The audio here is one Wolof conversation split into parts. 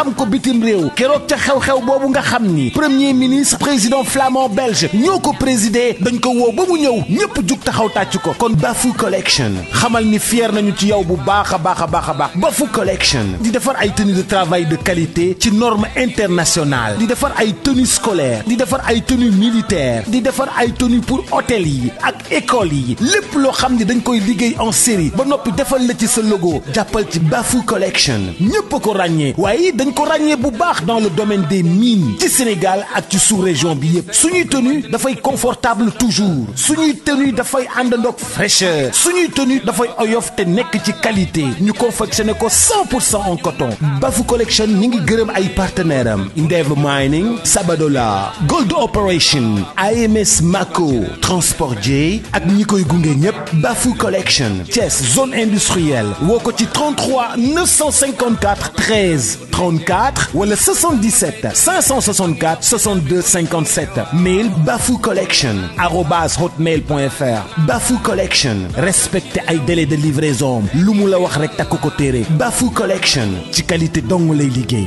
xam ko bitim réew keroog ca xew-xew boobu nga xam ni premier ministre président flamand belge ñoo ko présider dañ ko woo ba mu ñëw ñëpp jug taxaw tàcc ko kon Bafu collection xamal ni fier nañu ci yow bu baax a baax a baax a baax Bafu collection di defar ay tenues de travail de qualité ci norme internationale di defar ay tenues scolaires di defar ay tenues militaires di defar ay tenues pour hôtel yi ak école yi lépp loo xam ni dañ koy liggéey en série ba noppi defal la ci sa logo jàppal ci Bafu collection ñëpp ko ràññee waaye dañ ko bu dans le domaine des mines ci Sénégal ak ci sous-région bi yépp suñuy tenue confortable toujours suñuy tenue fraîcheur qualité 100 en coton Bafu Collection ngi Mining Sabadola Gold Operation AMS Mako Transport J ak ñi koy Bafu Collection Thiès zone industrielle woko ci 33 954 13 ou le 77 564 62 57 mail bafou collection hotmail.fr hotmail.fr bafou collection respecte les les de livraison loumoula la rek bafou collection ci qualité dong lay ligué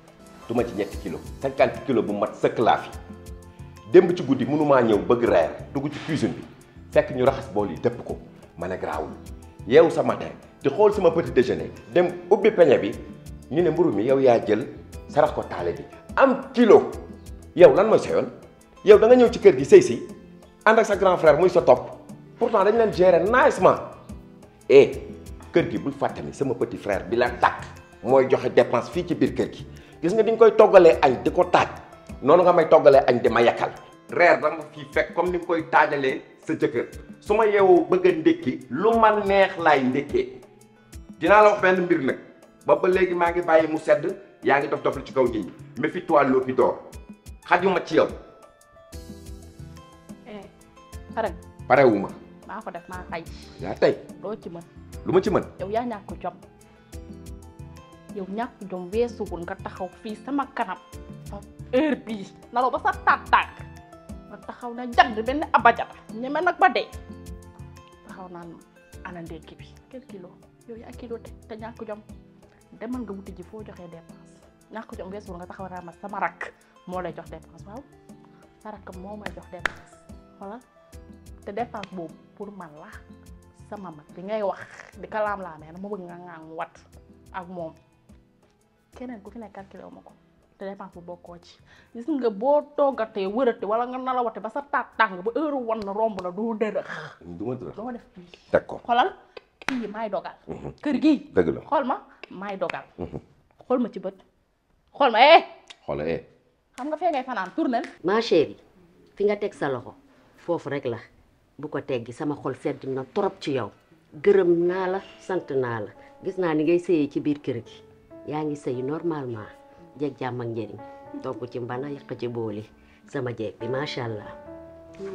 du ma ci ñetti kilo cinquante kilo bu mat sëkk laa fi démb ci guddi maa ñëw bëgg reer dugg ci cuisine bi fekk ñu raxas bool yi dëpp ko ma ne garaawul yeewu sa matin di xool sama petit déjeuner dem ubbi peñe bi ñu ne mburu mi yow yaa jël sarax ko taale bi am kilo yow lan mooy sa yoon yow da nga ñëw ci kër gi sëy si ànd ak sa grand frère muy sa topp pourtant dañu leen gérer nicement et eh, kër gi bul fàtte sama petit frère bi la tàkk mooy joxe dépense fii ci biir kër gi gis nga diñ koy toggalee añ di ko taaj noonu nga may toggalee añ di ma yakkal reer ba nga fii fekk comme ni nga koy taajalee sa jëkkër su ma yeewoo bëgg a ndékki lu ma neex laay ndékkee dinaa la wax benn mbir nag ba ba léegi maa ngi bàyyi mu sedd yaa ngi dof la ci kaw nit ñi méfie-toi Lopidor xajuma ci yow. Eh, pare. parewu ma. maa ko def maa xay. yaa tey. loo ci mën. lu ma ci mën. yow yaa ñàkk ko jom. yow ñàkk jom weesuwul nga taxaw fi sama kanam ba heure na lo ba sa tàttànk nga taxaw na jagd benn abajata ñeme nak ba dee taxaw na ana ndékki bi quel kilo yow ya kilo te te ñak jom demal nga wuti ji fo joxee dépense ñak jom wessu nga taxaw raamal sama rak mo lay jox dépense waaw sa rak mo may jox dépense voilà te dépense bob pour man la sama mak bi ngay wax di kalam la na mo bëgg nga ngaa wat ak mom keneen ku fi nekk calculé ma ko te dépense bu bokkoo ci gis nga boo toogatee wërate wala nga nalawate ba sa taat tàng ba heure wan na romb na du dërëx. doo def kii. d'accord xolal kii maay dogal. Mm-hmm. kër gi dëgg xool ma maay dogal. Mm-hmm. xool ma ci bët xool ma eh. xoolal eh. xam nga fee ngay fanaan tournel. ma fi nga teg sa loxo foofu rek la bu ko teggi sama xol sedd na trop ci yow gërëm naa la sant naa la gis naa ni ngay séyee ci biir kër gi. yang ngi normal ma jek jàmm ak to toog ci mbana yàq ci booli sama jek bi macha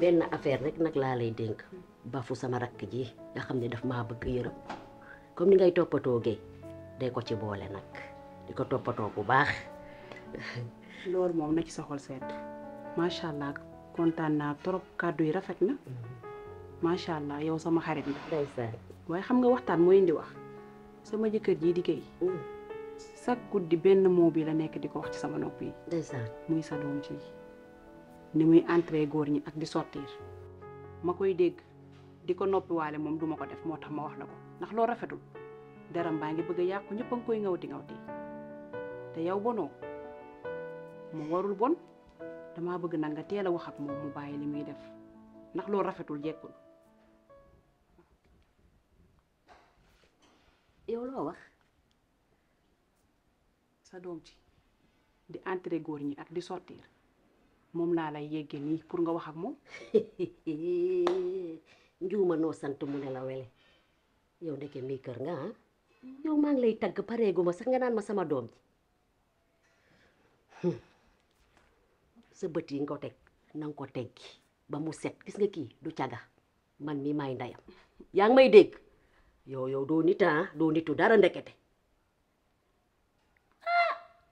ben affaire rek nak la lay dénk bafu sama rak ji nga xamne daf ma bëgg yërëm comme ni ngay topato ge day ko ci bolé nak diko topato bu baax lor mom na ci soxol set macha contane na trop cadeau yi rafet na macha yow sama xarit nga ndeysaan waaye xam nga waxtan moy indi wax sama jëkkeer ji di géey mm. chaque guddi benn moo bi la nekk di ko wax ci sama nopp yi muy sa doom ci ni muy entré góor ñi ak di sortir ma koy dégg di ko noppiwaale moom duma ko def moo tax ma wax la ko ndax loo rafetul daram baa ngi bëgg a yàqu ñëpp a ngi koy ngawti ngawti te yow bonoo mu warul bon damaa bëgg nag nga teel a wax ak moom mu bàyyi li muy def ndax loo rafetul jekkul yow loo sa dom ci di entrer gor ñi ak di sortir mom la lay yeggee ni pour nga wax ak mom njuma no sant mu ne la yow deke mi kër nga ah? yow ma ngi lay paré guma sax nga naan ma sama dom ji hmm. sa yi nga ko teg ko tek ba mu set gis nga ki du tiaga man mi may ndayam yang may deg yow yow do nit ha ah? do nitu dara ndekete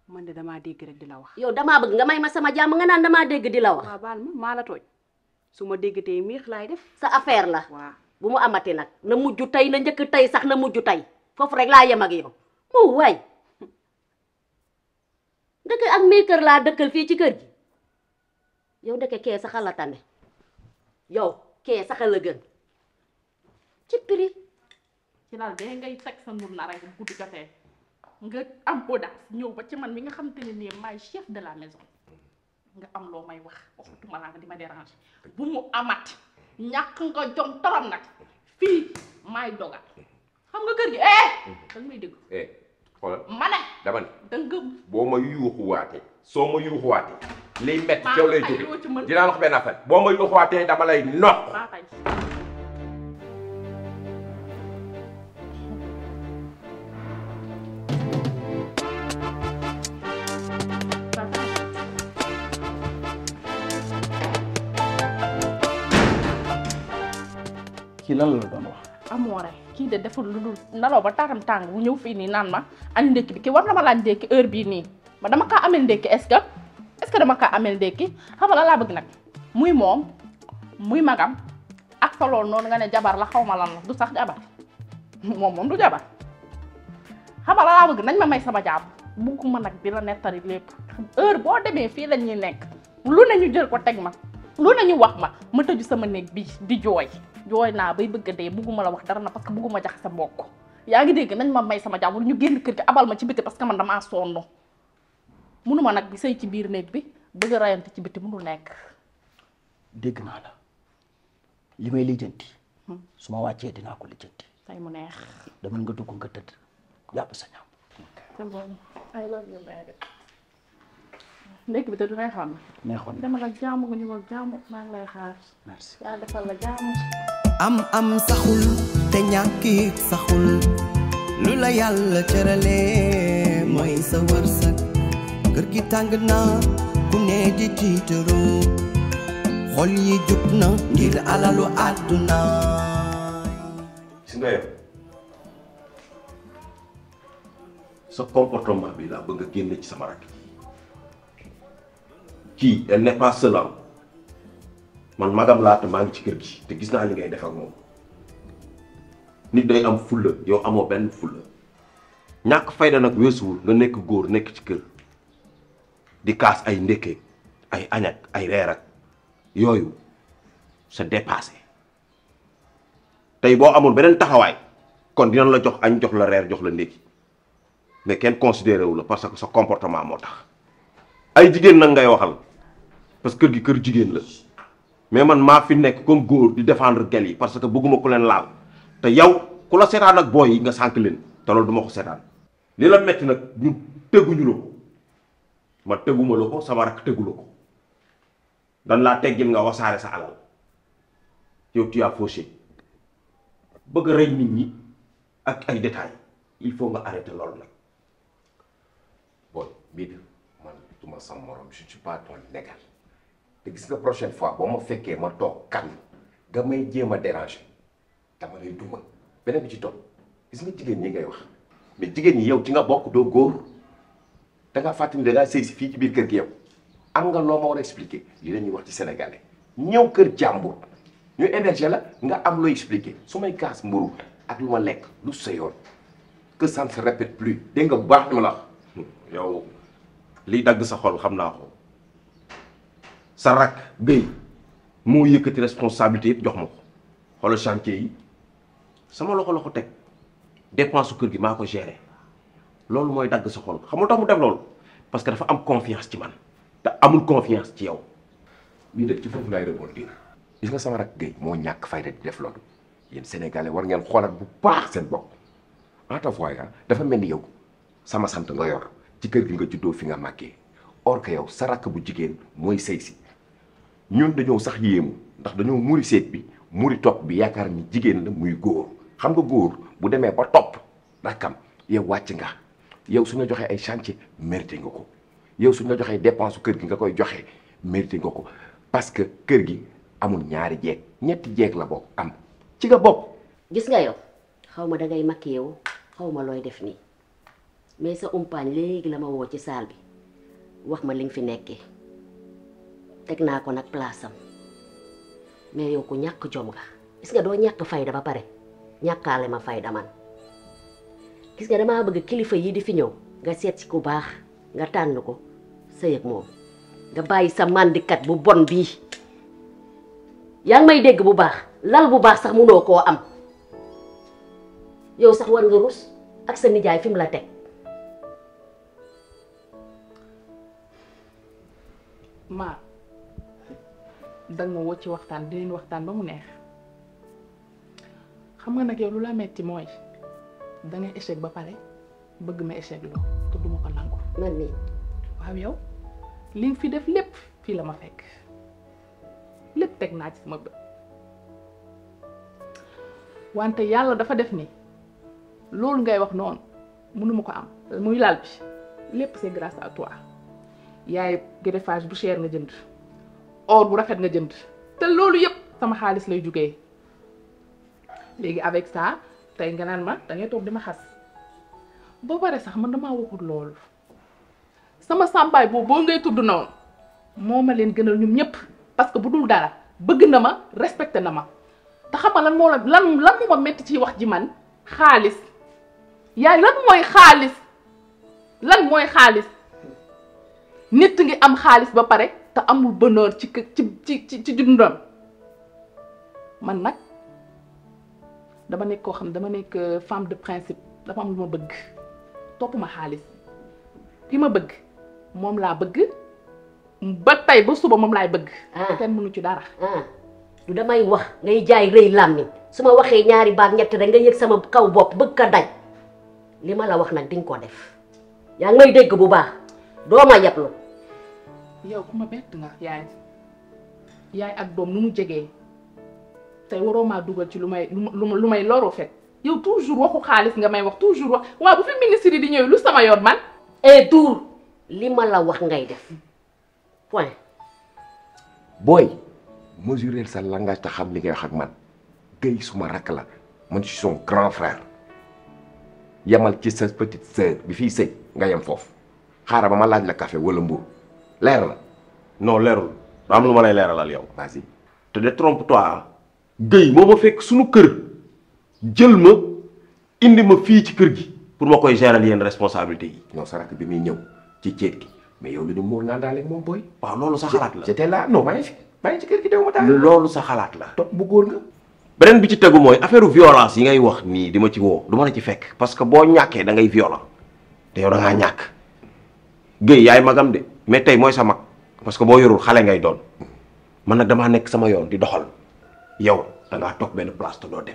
man de damaa dégg rek di la wax. yow damaa bëgg nga may ma sama jàmm nga naan damaa dégg di la wax. waaw baal ma maa la tooñ su ma dégg tey miix laay def. sa affaire la. waaw bu mu amati nag na mujj tey na njëkk tey sax na mujj tey foofu rek laa yem yow mu waay ndeke ak mii kër laa dëkkal fii ci kër gi yow ndeke kee sax la tane yow kee sax la gën ci prix. nga am audace ñëw ba ci man mi nga xam te ne nii maay chef de la maison nga am loo may wax waxutuma laa nga di ma déranger bu mu amat ñàkk nga jom torom nag fii maay dogal xam nga kër gi eh danga may dégg eh xoolal ma ne dama ne danga boo ma yuuxuwaatee soo ma yuuxuwaatee liy métti yow lay jóge dinaa wax benn affaire boo ma yuuxuwaatee dama lay noq ki lan la doon wax. amoore ki de deful lu nalo ba taram tang bu ñew fi ni nan ma ani ndékki bi ki war na ma lan heure bi ni ma dama ka amel ndékki est-ce que est-ce dama ka amel ndékki xam la bëgg nak muy mom muy magam ak sa loolu nga ne jabar la xawma dusak lan du sax jabar mom mom du jabar xam la lan bëgg nañ ma may sama jaab bugguma ma nak la netari lepp heure bo demé fi lañ ñi nekk lu nañu jël ko ma lu nañu wax ma ma sama néeg bi di joy joy na bay bëgg dé bëgguma la wax dara na parce que bëgguma jax sa mbokk yaa ngi dégg nañ ma may sama jàmbur ñu genn kër gi abal ma ci biti parce que man dama sonno mënuma nak bi sey ci biir neeg bi bëgg a rayante ci biti mënu nekk dégg na la limay lijeenti suma hmm. su dina ko lijeenti tay mu neex dama nga dugg nga tëdd yàpp sa ñaam I love you baby nek bi te du neexoon na neexoon na dama la jaamu ñu ma jaamu maa ngi lay xaar merci yàlla defal la jaamu am am saxul te ñàkkit saxul lu la yàlla cëralee mooy sa wërsëg kër gi tàng na ku ne di tiitaroo xol yi jub na ngir alalu àdduna gis nga yow sa comportement bi laa bëgg a génne ci sama rakk kii elle n'est pas seule man magam laa te maa ngi ci kër gi te gis naa li ngay def moom nit day am fulla yow amoo benn fulla ñàkk fayda nag weesuwul nga nekk góor nekk ci kër di kaas ay ndékkeeg ay añak ay reer ak yooyu c'est dépassé tey boo amul beneen taxawaay kon dinañ la jox añ jox la reer jox la ndékki mais kenn considéré wu la parce que sa comportement moo tax ay jigéen nag ngay waxal parce que gi kër jigéen la mais man maa fi nekk comme góor di défendre gel yi parce que bëgguma ku leen laal te yow ku la seetaan ak booy yi nga sànq leen te loolu duma ko seetaan li la metti nag ñu teguñu la ko ma teguma la ko sama rak tegu la ko dan laa teggil nga wasaare sa alal yow tu as fauché bëgg rey nit ñi ak ay détails il faut nga arrêter loolu nag bon bii La la prochaine fois boo je fais ma toog kan may me déranger Je lay je beneen bi ci Je gis suis en ñi ngay mais Je ñi yow ci nga da me da je ci biir kër gi yow Je nga je expliquer li la wax ci sénégalais me kër Je ñu la nga am je expliquer que ça ne se répète plus je me la sa rak Guèye moo yëkkati responsabilité yëpp jox ma ko xoolal chantier yi sama loxo loxo teg dépense su kër gi maa ko géré loolu mooy dagg sa xol xamul tax mu def loolu parce que dafa am confiance ci man te amul confiance ci yow. lii de ci foofu laay rebondir gis nga sama rak Guèye moo ñàkk fayda di def loolu yéen sénégalais war ngeen xoolaat bu baax seen bopp en tout cas dafa mel ni yow sama sant nga yor ci kër gi nga juddoo fi nga màggee or que yow sa bu jigéen mooy sëy ñun dañoo sax yéemu ndax dañoo muri seet bi muri topp bi yaakaar ni jigéen la muy góor xam nga góor bu demee ba topp rakkam yow wàcc nga yow su la joxee ay chantier mérité nga ko yow suñu la joxee dépense kër gi nga koy joxe mérité nga ko parce que kër gi amul ñaari jeeg ñetti jeeg la bokk am ci nga bokk. gis nga yow xaw ma dangay makk yow xaw ma looy def nii mais sa umpaañ léegi la ma woo ci saal bi wax ma li nga fi nekkee. tek na ko nak place am mais yow ko ñak jom nga gis nga do ñak fayda ba pare ñakale ma fayda man gis nga dama bëgg kilifa yi di fi ñew nga sét si ku bax nga tànn ko sey ak mom nga bayyi sa mandikat bu bon bi yang may dégg bu bax lal bu bax sax munoo ko am yow sax war nga rus ak sa nijaay fim la tek ma danga ma woo ci waxtaan dinañ waxtaan ba mu neex xam nga nag yow lu la metti mooy da ngay échec ba pare bëgg ma échec loo te duma ko nangu. man mii waaw yow li fi def lépp fii la ma fekk lépp teg naa ci sama bët wante yàlla dafa def ni loolu ngay wax noonu mënuma ko am muy laal bi lépp c'est grâce à toi yaay greffage bu cher nga jënd. or bu rafet nga jënd te loolu yëpp sama xaalis lay jugee léegi avec ça tey nga naan ma da ngay toog di ma xas sax man dama waxul loolu sama sàmbaay boobu boo ngay tudd noonu moo ma leen gënal ñun ñëpp parce que bu dul dara bëgg na ma respecté na ma te xam nga lan moo la lan lan moo ma métti ci wax ji man xaalis yaay lan mooy xaalis lan mooy xaalis nit ngi am xaalis ba pare. te amul bonheur ci ci ci ci dundam man nag dama nekk koo xam ne dama nekk euh, femme de principe dafa am lu ma bëgg topp ma xaalis li ma bëgg moom laa bëgg ba tey ba suba moom laay bëgg. Ah. mënu ci dara. Ah. du damay wax ngay jaay rëy làmmiñ su ma waxee ñaari baat ñett rek nga yëg sama kaw bopp bëgg ka daj li ma la wax nag di nga ko def yaa ngi may dégg bu baax doo ma yeblu yow ku ma yaay ak doom nu mu jege tey waroo maa dugal ci lu may lu may loroo fekk yow toujours waxu xaalis nga may wax toujours wax waaw bu fi ministre di ñëw lu sama yoon man et eh, tour li ma la wax ngay def point booy mesurer sa langage te xam li ngay wax ak man Guèye suma rakk la man ci suis son grand frère yamal ci sa petite sœur bi fii sëy nga yem foofu xaaral ba ma laaj la café wala mburu leer na non leerul am lu ma lay leeralal yow vas-y te de trompe toi Guèye moo ma fekk sunu kër jël ma indi ma fii ci kër gi pour ma koy gérer yenn responsabilité yi non sa rakk bi muy ñëw ci ceet gi mais yow li ñu muur naa daal moom booy waaw loolu sa xalaat la j'étais là non maa ci kër gi dew loolu sa xalaat la bu góor beneen bi ci tegu mooy affaire violence yi ngay wax nii di ma ci woo du ma la ci fekk parce que boo ñàkkee dangay ngay violent te yow da ñàkk gey yaay magam de mais tay moy sa mag parce que bo yorul xalé ngay doon man nak dama nek sama yoon di doxal yow da nga tok ben place to do dem.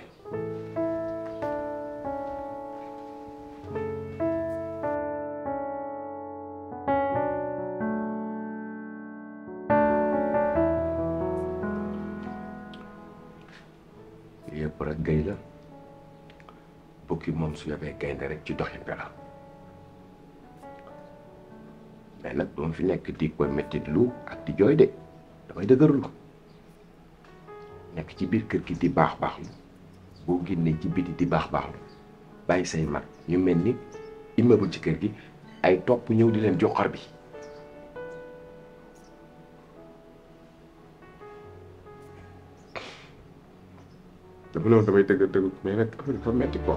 yëpp rek gey la bokki mom su yabee gaynde rek ci doxi bi mais nak du fi nek di koy metti lu ak di joy de damay lu nek ci bir keur gi di bax bax lu bo génnee ci biti di bax bax lu bàyyi say mak ñu melni immeuble ci keur gi ay top ñew di len joxar bi dama damay mais metti quoi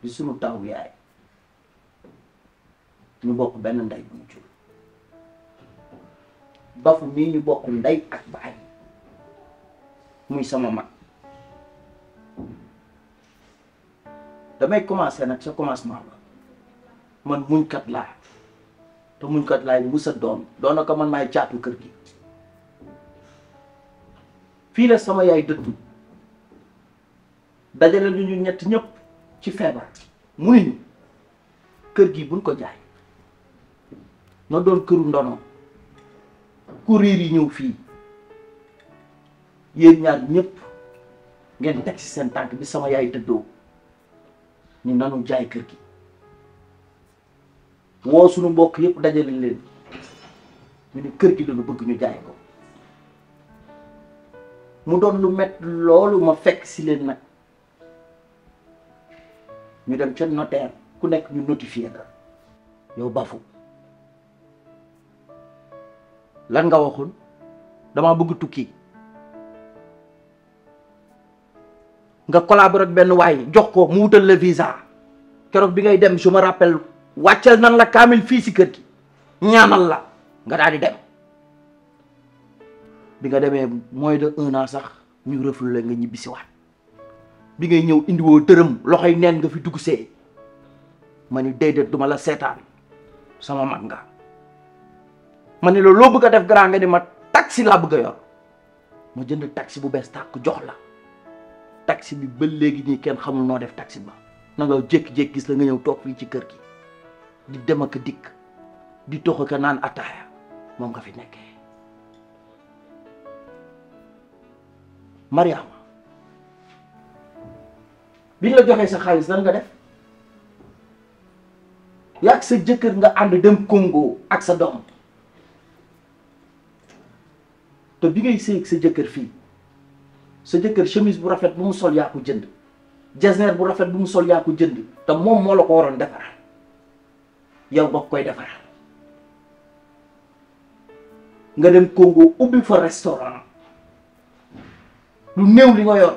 di sunu taw yaay ñu bokk benn ndey bu ñu jur bafu mii ñu bokk ndey ak baay muy sama mag damay commencé nag sa commencement ba man muñkat laa te muñkat laay mu sa doon doon na ko man maay caatu kër gi fii la sama yaay dëttu dajale lu ñu ñett ñëpp ci feebar mu ne ñu kër gi buñ ko jaay na doon këru ndono ku riir yi ñëw fii yéen ñaar ñëpp ngeen teg ci seen tànk bi sama yaay tëddoo ñu nanu jaay kër gi woo suñu mbokk yëpp dajale leen ñu ne kër gi dañu bëgg ñu jaay ko mu doon lu met loolu ma fekk si leen nag ñu dem ca notaire ku nekk ñu notifié la yow bafu lan nga waxul dama bëgg tukki nga collaborer ak benn waay jox ko mu wutal la visa keroog bi ngay dem su ma rappel wàccel nan la kaamil fii si kër gi ñaanal la nga daal di dem bi nga demee moins de un an sax ñu reflé la nga ñibbisiwaat bi ngay indi wo dërëm loxay neen nga fi dugg mané ma ni duma la sétan sama mag nga mané lo lo bëgg def grand nga ni ma taxi la bëgg yor ma jënd taxi bu bees tak jox la taxi bi ba légui nii kenn xamul no def taxi ba na nga jék jék gis la nga ñew tok fi ci kër gi di dem ak dik, di tok ak naan ataya mom nga fi nekké Mariama biñ la joxé sa xaliss nan nga def yak sa jëkkeur nga and dem Congo ak sa dom to bi ngay sëy sa jëkkeur fi sa jëkkeur chemise bu rafet bu mu sol ya ko jënd jasneer bu rafet bu mu sol ya ko jënd te mom mo la ko defara ya yow bok koy defara nga dem Congo ubi fa restaurant lu ulingoyo, li nga yor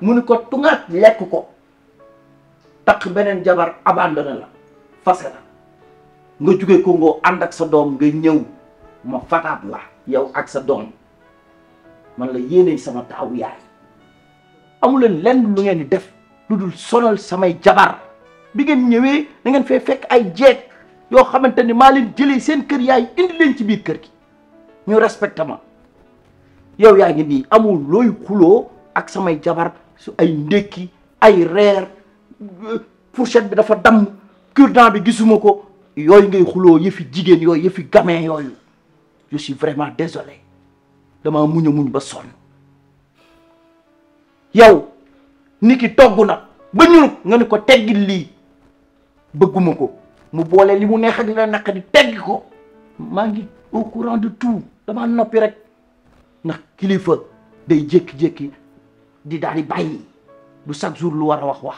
mu ni ko tungat lek ko Tak benen jabar abandoné la fassé la nga jóge Congo and ak sa dom nga ñew ma fatat la yow ak sa dom man la yéné sama taw yaay amuleen lenn lu ngeen di def dudul sonal samay jabar bi ngeen ñewé na ngeen fé fék ay jeeg yo xamante ma leen jëlé seen kër yaay indi leen ci biir kër gi ñu respecté ma yow yaangi ni amul loy kulo ak samay jabar su ay ndékki ay reer fourchette bi dafa dam cure-dent bi gisumako yoy ngay xulo yefi jigen yoy yefi gamin yoy je suis vraiment désolé dama muñu muñ ba son yow niki ki togg na ba ñunug nga ni ko teggil li bëgguma mu boole li mu neex ak la naq di tegg ko maa ngi au courant de tout dama noppi rek ndax kilifa day jékki-jékki di daal di bàyyi du chaque jour lu war a wax wax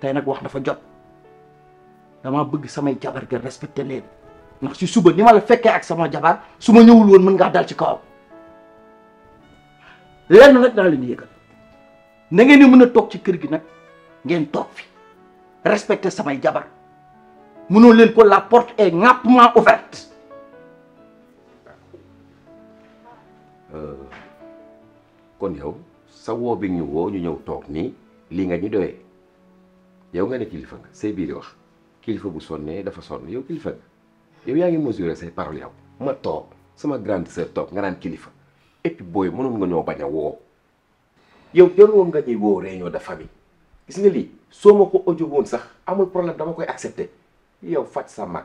tay nak wax dafa jot dama bëgg samay jabar ga respecté leen nak ci suba ni ma la fekkee ak sama jabar suma ma ñëwul woon mën nga dal ci kaw lenn nak naa leen yëgal na ngeen ni mëna tok ci kër gi nak ngeen tok fi respecté samay jabar mëno leen ko la porte est ngapement ouverte euh, kon yow sa wo bi ñu wo ñu ñëw tok ni li nga ñu doyee yow nga ne kilifa nga say biir wax kilifa bu sonnee dafa sonn yow kilifa nga yow yaa ngi mesurer say paroles yow ma toog sama grande sœur toog nga naan kilifa et puis booy mënoon nga ñoo bañ a woo yow jarul nga ñuy woo réunion de famille gis nga lii soo ma ko audio woon sax amul problème dama koy accepter yow faj sa mag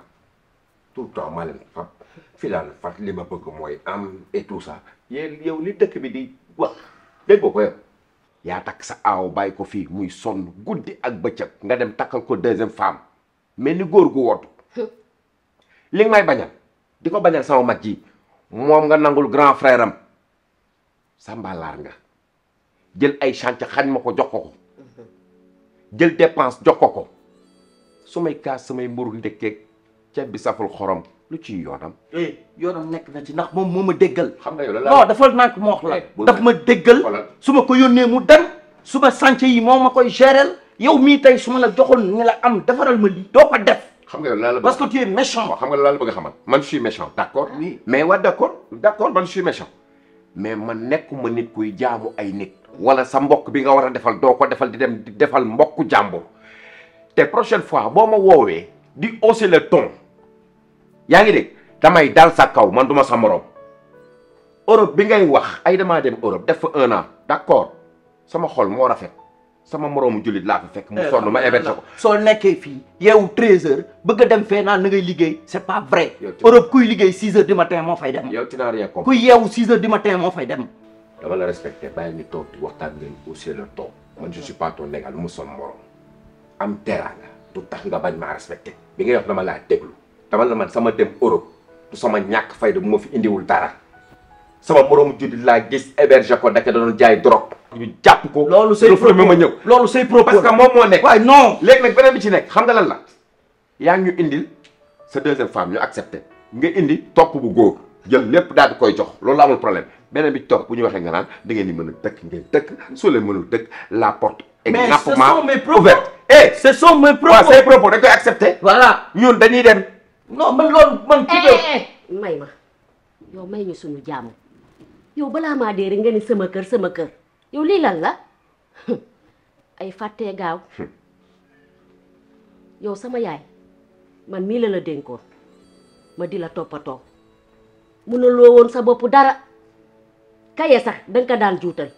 tout le temps maa leen fab fi laa fat li ma bëgg mooy am et tout ça yéen yow li dëkk bi di wax dégg nga ko yow yaa takk sa aaw bàyyi ko fii muy sonn guddi ak bëccëg nga dem takkal ko deuxième femme mel ni góor gu woddu li nga may bañal di ko bañal sama mag ji moom nga nangul grand frère am sàmbalaar nga jël ay chantier xañ ma ko jox ko ko jël dépense jox ko ko su may kaas samay mburu ndekkeeg ceeb bi saful xorom lu ci yoonam. Eh, yoonam nekk na ci ndax moom moo ma déggal. xam nga yow la non dafa nànk moo la. Eh, dafa ma déggal su ma ko yónnee mu dem. su ma chantier yi moo ma ko gérer yow mii tey su ma la joxoon ni la am defaral ma lii doo ko def. xam nga la la parce que tu es xam nga la la bëgg a xamal man je suis méchant mais waa d' accord d' accord mais man nekkuma nit kuy jaamu ay nit. wala sa mbokk bi nga war a defal doo ko defal di dem di defal mbokku jàmbur te prochaine fois boo ma woowee di hausser la ton. yaa ngi dégg damay dal sa kaw man du ma sa morom Europe bi ngay wax ay damaa dem Europe def fa un an d'accord sama xol moo rafet sama moroomu jullit laa ko fekk mu eh, sonn ma éverse ko soo nekkee fii yeewu treize heures bëgg a dem fee naan na ngay liggéey c'est pas vrai Europe kuy liggéey six heures du matin moo fay dem yow tu n'as rien compris kuy yeewu six heures du matin moo fay dem dama la respecté bàyyi ñu di waxtaan ngeen aussi le temps man je suis pas mu son morom am teraanga du tax nga bañ maa respecté bi ngay wax dama laa déglu dama la man sama dem Europe du sama ñàkk fayda bu ma fi indiwul dara sama moroomu jullit laa gis héberge ko ndeke da doon jaay drogue. ñu jàpp ko loolu say propos ma ñëw loolu say propos parce que moo nekk waaye non léegi nag beneen bi ci nekk xam nga lan la yaa ngi ñu indil sa deuxième femme ñu accepté nga indi topp bu góor jël lépp daal di koy jox loolu amul problème beneen bi ci topp bu ñu waxee nga naan da ngeen di mën a dëkk ngeen dëkk soo leen mënul dëkk la porte mais ce sont mes propos ouverte eh ce sont mes propos waaw say propos dem non man loolu man. Eh, eh, eh. may ma yow may ñu suñu jàmm yow balaa maa dee nga ni sama kër sama kër yow lii lan la ay fàttee gaaw yow sama yaay man mii la la dénkoon ma di la toppatoo mënuloo woon sa boppu dara kaye sax danga ko daan juutal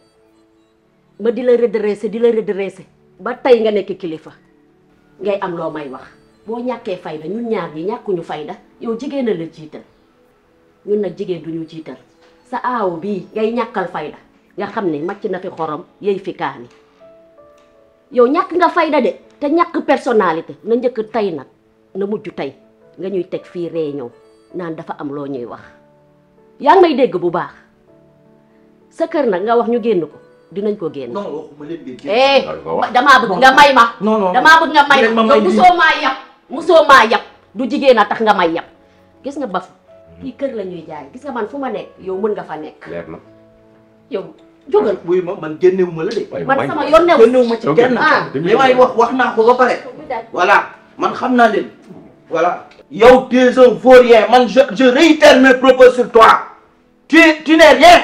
ma di la redressé di la redressé ba tey nga nekk kilifa ngay am loo may wax. boo ñàkkee fayda ñun ñaar ñi ñàkkuñu fayda yow jigéen la jiital ñun nag jigéen duñu jiital sa aaw bii ngay ñàkkal fayda nga xam ne màcc na fi xorom yey fi kaani yow ñàkk nga fayda de te ñàkk personnalité na njëkk tey nag na mujj tey nga ñuy teg fii réunion naan dafa am loo ñuy wax yaa ngi dégg bu baax sa kër nag nga wax ñu génn ko dinañ ko génn. non waxuma leen eh, damaa bëgg nga may ma. damaa bëgg nga may ma nga bu maa yàq. mosoo maa yab du jigéen a tax nga may yab gis nga baf fii kër la ñuy jaay gis nga man fu ma nekk yow mën nga fa nekk. leer na yow jógal. wuy ma man génnewu ma la de. man sama yoon newu génnewu ma ci kenn. Ah. li may wax wax naa ko ba pare. voilà man xam naa leen voilà. yow tu es un vaurien man je je réitère mes propos sur toi. tu tu n'es rien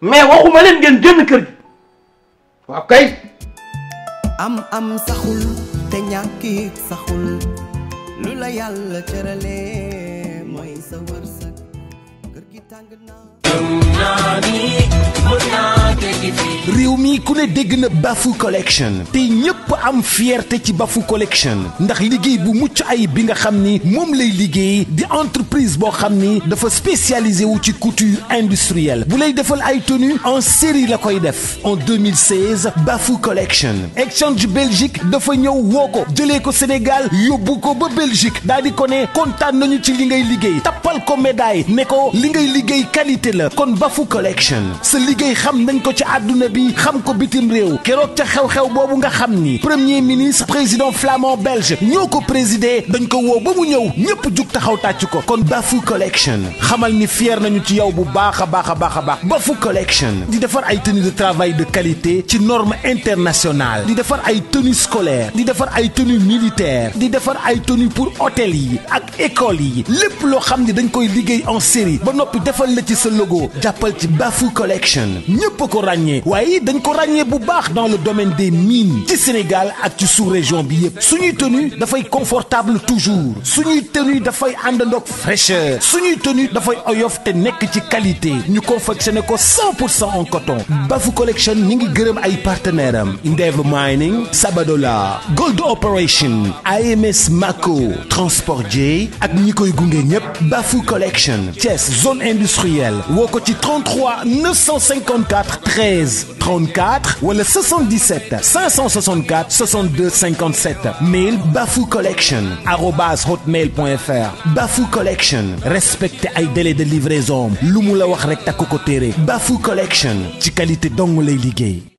mais waxuma leen ngeen génn kër gi. waaw kay. am am saxul. Tenyaki sahul lula lu la yàlla cëralee mooy sa wërsëg kër gi tàng réew mi ku ne dégg na Bafu collection te ñëpp am fierté ci Bafu collection ndax liggéey bu mucc ayib bi nga xam ni moom lay liggéey di entreprise boo xam ni dafa spécialisé wu ci couture industrielle bu lay defal ay tenue en série la koy def en 2016 Bafu collection Exchange Belgique dafa ñëw woo ko jëlee ko Sénégal yóbbu ko ba Belgique daal di ko ne kontaan nañu ci li ngay liggéey tappal ko médaille ne ko li ngay liggéey qualité la kon Bafu collection sa liggéey xam nañ ko ci aduna bi xam ko bitim rew keroog ca xew-xew bobu nga xam ni premier ministre président flamand belge ñoo ko présider dañ ko wo ba mu ñëw ñëpp taxaw ko kon Bafu collection xamal ni fier nañu ci yow bu a baax baax Bafu collection di defar ay tenue de travail de qualité ci norme internationale di defar ay tenues scolaires di defar ay tenues militaires di defar ay tenues pour hôtel yi ak école yi lepp lo xam ni dañ koy liggéey en série ba nopi defal la ci sa logo jàppal ci Bafu collection ñepp ko ràññee waaye dañ ko ragné bu baax dans le domaine des mines ci Sénégal ak ci sous-région bi yépp suñuy tenue fay confortable toujours suñuy tenue fay àndandoog fraîcheur suñuy tenue fay oyof té nek ci qualité ñu confectionné ko 100 en coton Bafu Collection ñi ngi gëreum ay partenaire am Endeavour Mining Sabadola Gold Operation AMS Mako Transport J ak ñi koy gungé ñëpp Bafu Collection Thiès zone industrielle Wokoti ci 33 954 13 15 34 wala 77 564 62 57 mail bafou collection arobase hotmail point fr bafou collection respecté ay délai de livraison lu mu la wax rek takku ko téere bafou collection ci qualité dong lay liggéey.